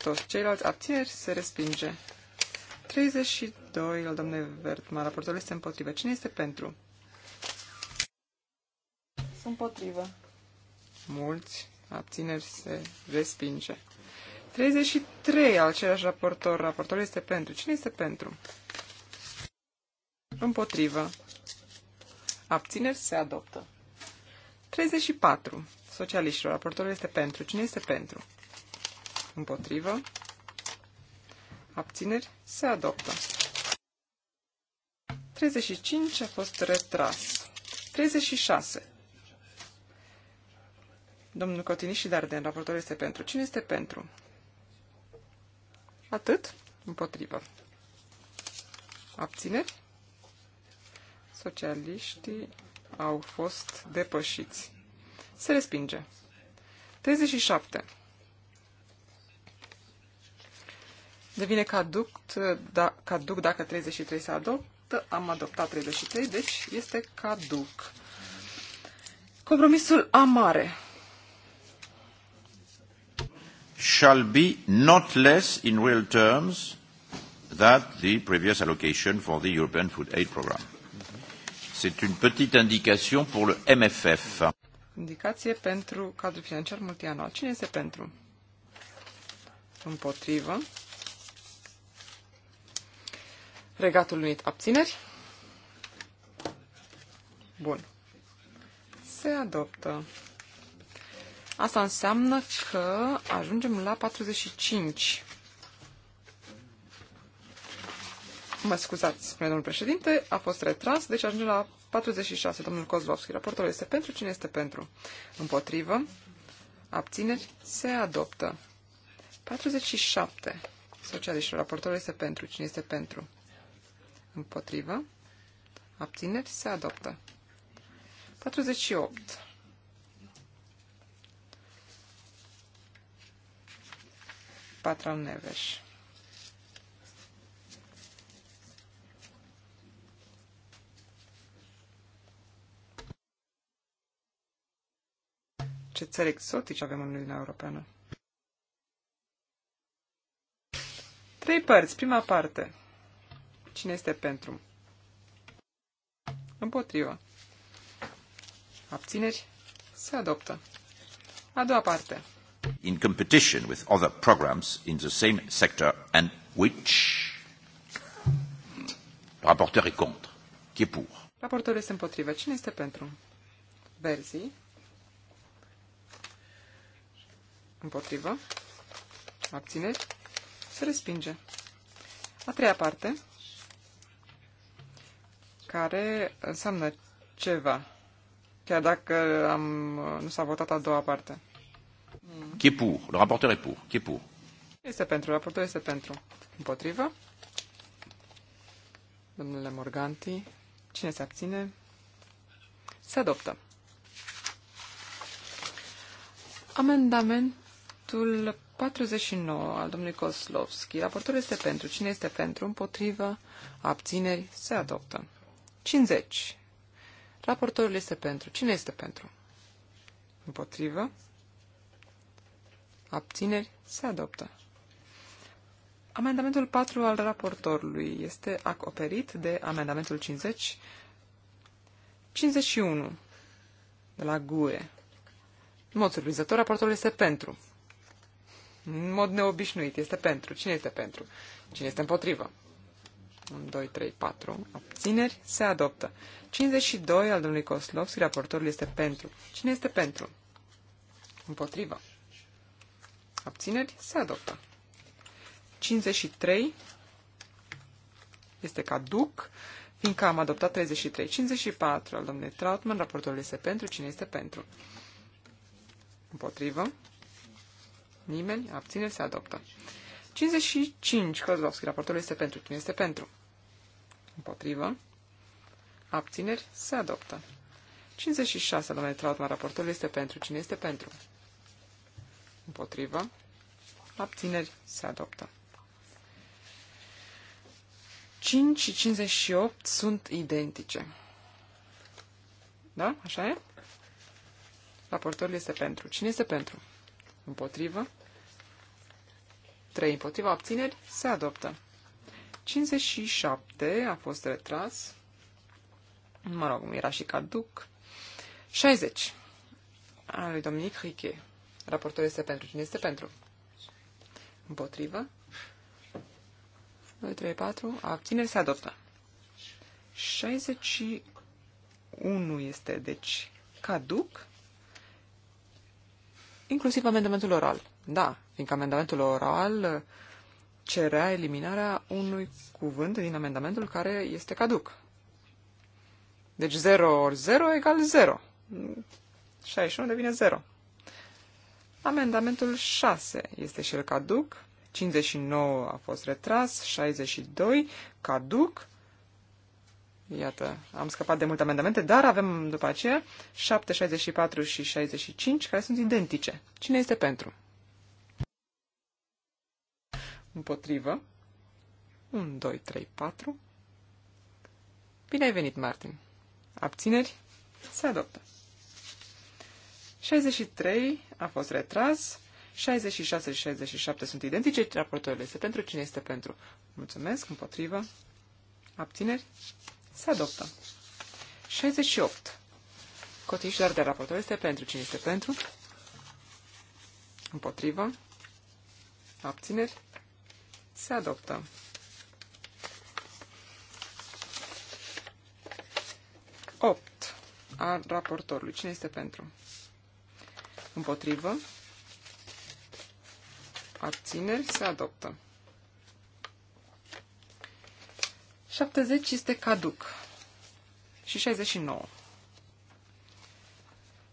Toți ceilalți abțineri se respinge. 32 al domnului Vertman. Raportorul este împotrivă. Cine este pentru? Împotrivă. Mulți abțineri se respinge. 33 al același raportor. Raportorul este pentru. Cine este pentru? Împotrivă. Abțineri se adoptă. 34. Socialiștilor. Raportorul este pentru. Cine este pentru? Împotrivă. Abțineri se adoptă. 35 a fost retras. 36. Domnul Cotini și Darden, raportorul este pentru. Cine este pentru? Atât? Împotrivă. Abțineri? Socialiștii au fost depășiți. Se respinge. 37. Devine caduct, da, caduc dacă 33 se adoptă. Am adoptat 33, deci este caduc. Compromisul amare. Shall be not less in real terms that the previous allocation for the European Food Aid Programme. C'est une petite indication pour le MFF. Indicație pentru cadrul financiar multianual. Cine este pentru? Împotrivă. Regatul Unit. Abțineri? Bun. Se adoptă. Asta înseamnă că ajungem la 45. Mă scuzați, spune domnul președinte, a fost retras, deci ajunge la 46, domnul Kozlovski. Raportul este pentru, cine este pentru? Împotrivă, abțineri, se adoptă. 47, socialiștilor, raportul este pentru, cine este pentru? Împotrivă, abțineri, se adoptă. 48, Patra Neveș. Ce țări exotice avem în Uniunea Europeană. Trei părți. Prima parte. Cine este pentru? Împotriva. Abțineri? Se adoptă. A doua parte. In competition with other programs in the same sector and which... Raportor est contre. Qui est pour? Raportorul este împotrivă. Cine este pentru? Verzi. Împotrivă. Abțineri. Se respinge. A treia parte, care înseamnă ceva, chiar dacă am, nu s-a votat a doua parte. Qui est pour? Le rapporteur est pour. Qui est pour? Este pentru. Raportul este pentru. Împotrivă. Domnule Morganti. Cine se abține? Se adoptă. Amendament Amendamentul 49 al domnului Koslovski. Raportul este pentru. Cine este pentru? Împotrivă. Abțineri. Se adoptă. 50. Raportorul este pentru. Cine este pentru? Împotrivă. Abțineri. Se adoptă. Amendamentul 4 al raportorului este acoperit de amendamentul 50. 51 de la GUE. În mod surprinzător, raportul este pentru în mod neobișnuit. Este pentru. Cine este pentru? Cine este împotrivă? 1, 2, 3, 4. Abțineri. Se adoptă. 52 al domnului Koslovski. Raportorul este pentru. Cine este pentru? Împotrivă. Abțineri. Se adoptă. 53 este caduc, fiindcă am adoptat 33. 54 al domnului Trautmann. Raportorul este pentru. Cine este pentru? Împotrivă. Nimeni? Abțineri? Se adoptă. 55. Kozlovski. Raportul este pentru. Cine este pentru? Împotrivă. Abțineri? Se adoptă. 56. Domnule Trautman. Raportul este pentru. Cine este pentru? Împotrivă. Abțineri? Se adoptă. 5 și 58 sunt identice. Da? Așa e? Raportorul este pentru. Cine este pentru? Împotrivă? 3 împotriva abțineri se adoptă. 57 a fost retras. Mă rog, era și caduc. 60 al lui Dominic Riche. Raportul este pentru. Cine este pentru? Împotrivă. 2, 3, 4. Abțineri se adoptă. 61 este, deci, caduc. Inclusiv amendamentul oral. Da, fiindcă amendamentul oral cerea eliminarea unui cuvânt din amendamentul care este caduc. Deci 0 ori 0 egal 0. 61 devine 0. Amendamentul 6 este și el caduc, 59 a fost retras, 62 caduc. Iată, am scăpat de multe amendamente, dar avem după aceea 7, 64 și 65 care sunt identice. Cine este pentru? Împotrivă. 1, 2, 3, 4. Bine ai venit, Martin. Abțineri? Se adoptă. 63 a fost retras. 66 și 67 sunt identice. Raportorul este pentru. Cine este pentru? Mulțumesc. Împotrivă. Abțineri? Se adoptă. 68. Cotiș, dar de raportor este pentru. Cine este pentru? Împotrivă. Abțineri? Se adoptă. Opt al raportorului. Cine este pentru? Împotrivă. Abțineri. Se adoptă. 70 este caduc. Și 69.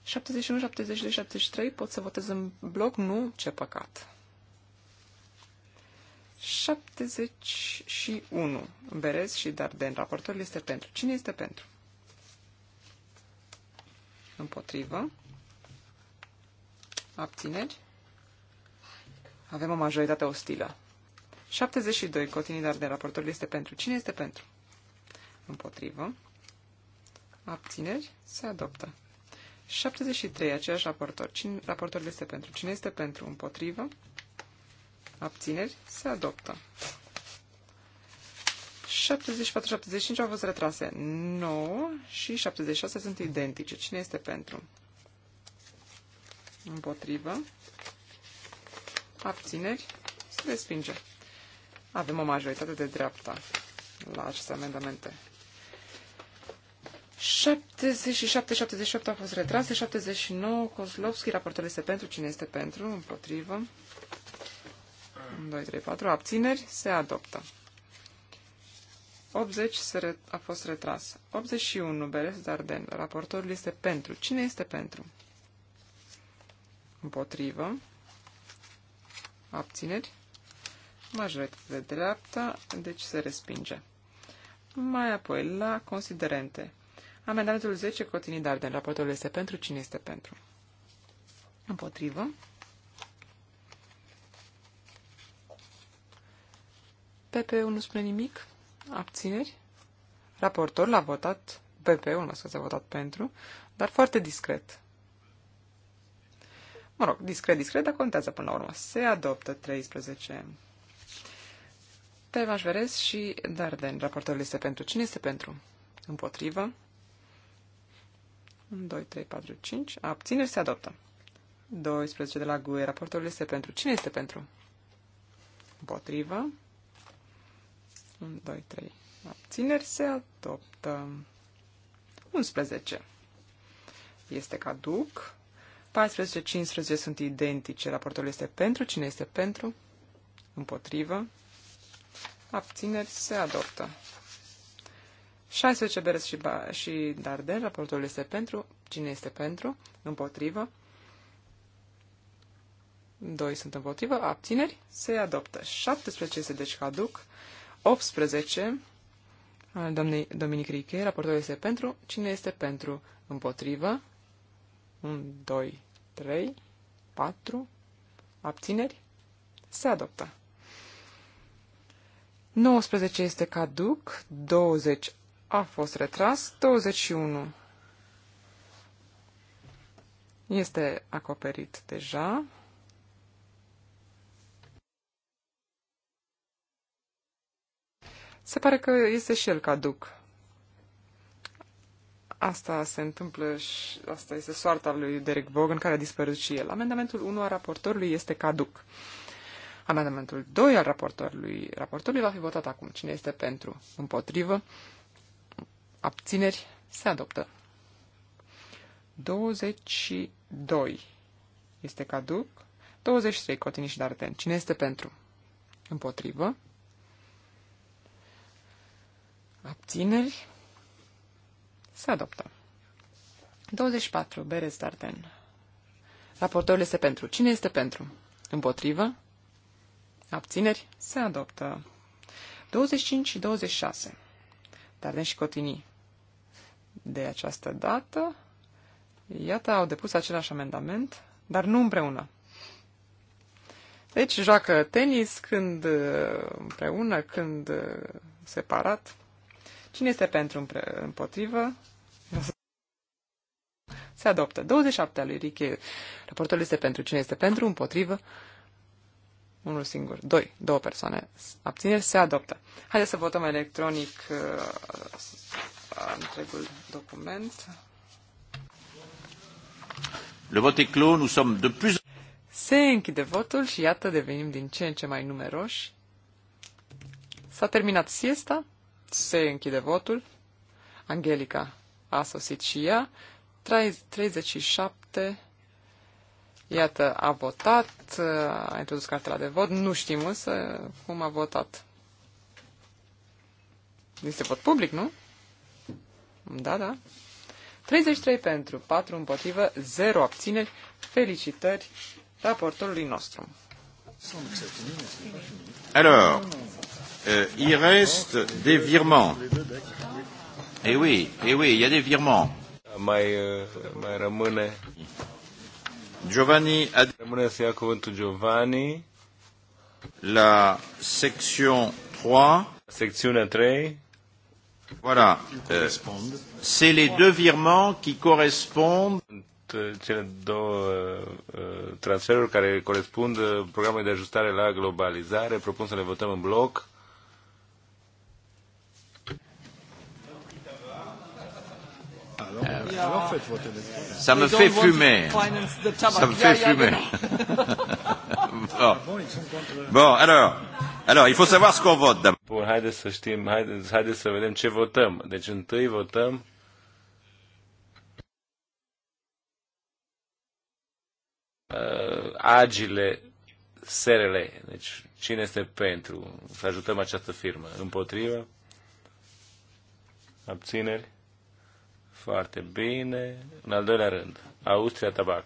71, 72, 73 pot să votez în bloc? Nu, ce păcat. 71. Berez și Darden. Raportorul este pentru. Cine este pentru? Împotrivă. Abțineri. Avem o majoritate ostilă. 72. Cotinii Darden. Raportorul este pentru. Cine este pentru? Împotrivă. Abțineri. Se adoptă. 73. Aceeași raportor. Cine, raportorul este pentru. Cine este pentru? Împotrivă abțineri, se adoptă. 74-75 au fost retrase. 9 și 76 sunt identice. Cine este pentru? Împotrivă. Abțineri. Se respinge. Avem o majoritate de dreapta la aceste amendamente. 77-78 au fost retrase, 79 Kozlovski, raportul este pentru, cine este pentru, împotrivă, 1, 2, 3, 4, abțineri, se adoptă. 80 se re... a fost retras. 81, Beres Darden. Raportorul este pentru. Cine este pentru? Împotrivă. Abțineri. Majoritatea de dreapta, deci se respinge. Mai apoi, la considerente. Amendamentul 10, Cotinii Darden. Raportorul este pentru. Cine este pentru? Împotrivă. pp nu spune nimic. Abțineri. Raportorul a votat, pp nu mă a votat pentru, dar foarte discret. Mă rog, discret, discret, dar contează până la urmă. Se adoptă 13. Tevaș Verez și Darden. Raportorul este pentru. Cine este pentru? Împotrivă. 1, 2, 3, 4, 5. Abțineri se adoptă. 12 de la GUE. Raportorul este pentru. Cine este pentru? Împotrivă. 1, 2, 3. Abțineri se adoptă. 11. Este caduc. 14, 15 sunt identice. Raportul este pentru. Cine este pentru? Împotrivă. Abțineri se adoptă. 16 Beres și, ba- și Darden, raportul este pentru. Cine este pentru? Împotrivă. 2 sunt împotrivă. Abțineri se adoptă. 17 este deci caduc. 18 al doamnei Dominic Riche. Raportorul este pentru. Cine este pentru? Împotrivă. 1, 2, 3, 4. Abțineri. Se adoptă. 19 este caduc, 20 a fost retras, 21 este acoperit deja. Se pare că este și el caduc. Asta se întâmplă și asta este soarta lui Derek Bogan, care a dispărut și el. Amendamentul 1 al raportorului este caduc. Amendamentul 2 al raportorului, raportorului va fi votat acum. Cine este pentru? Împotrivă? Abțineri? Se adoptă. 22 este caduc. 23, Cotini și Darten. Cine este pentru? Împotrivă? Abțineri. Se adoptă. 24. Berez Darden. Raportorul este pentru. Cine este pentru? Împotrivă. Abțineri. Se adoptă. 25 și 26. Darden și cotini De această dată, iată, au depus același amendament, dar nu împreună. Deci joacă tenis când împreună, când separat. Cine este pentru împotrivă? Se adoptă. 27 lui Riche. Raportul este pentru. Cine este pentru? Împotrivă? Unul singur. Doi. Două persoane. Abțineri. Se adoptă. Haideți să votăm electronic uh, uh, întregul document. Le vote est clos. Nous sommes de plus... Se închide votul și iată devenim din ce în ce mai numeroși. S-a terminat siesta. Se închide votul. Angelica a sosit și ea. 37. Iată, a votat, a introdus cartela de vot. Nu știm însă cum a votat. Este vot public, nu? Da, da. 33 pentru, 4 împotrivă, 0 abțineri. Felicitări raportorului nostru. Alors, euh, il reste des virements. Eh oui, eh oui, il y a des virements. Mai, uh, mai rămâne. Giovanni a... Rămâne să ia cuvântul Giovanni. La section 3. Secțiunea 3. Voilà. Euh, C'est les deux virements qui correspondent uh, cele două uh, transferuri care corespund programului de ajustare la globalizare. Propun să le votăm în bloc. Euh, ça me fait fumer. Ça me fait fumer. bon. alors, alors, il faut savoir ce qu'on vote d'abord. Bun, haideți să știm, haide, haide să vedem ce votăm. Deci întâi votăm uh, agile SRL. Deci cine este pentru să ajutăm această firmă? Împotrivă? Abțineri? Foarte bine. În al doilea rând, Austria Tabac.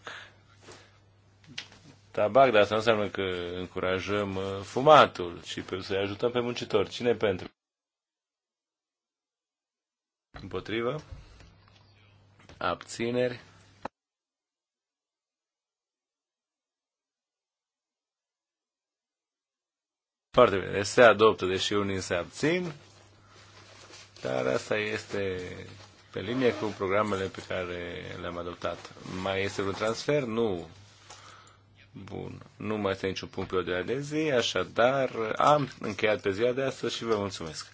Tabac, dar asta nu înseamnă că încurajăm uh, fumatul, ci să-i ajutăm pe muncitori. Cine pentru? Împotrivă? Abțineri? Foarte bine. Se adoptă, deși unii se abțin, dar asta este pe linie cu programele pe care le-am adoptat. Mai este un transfer? Nu. Bun. Nu mai este niciun punct pe ordinea de zi, așadar am încheiat pe ziua de astăzi și vă mulțumesc.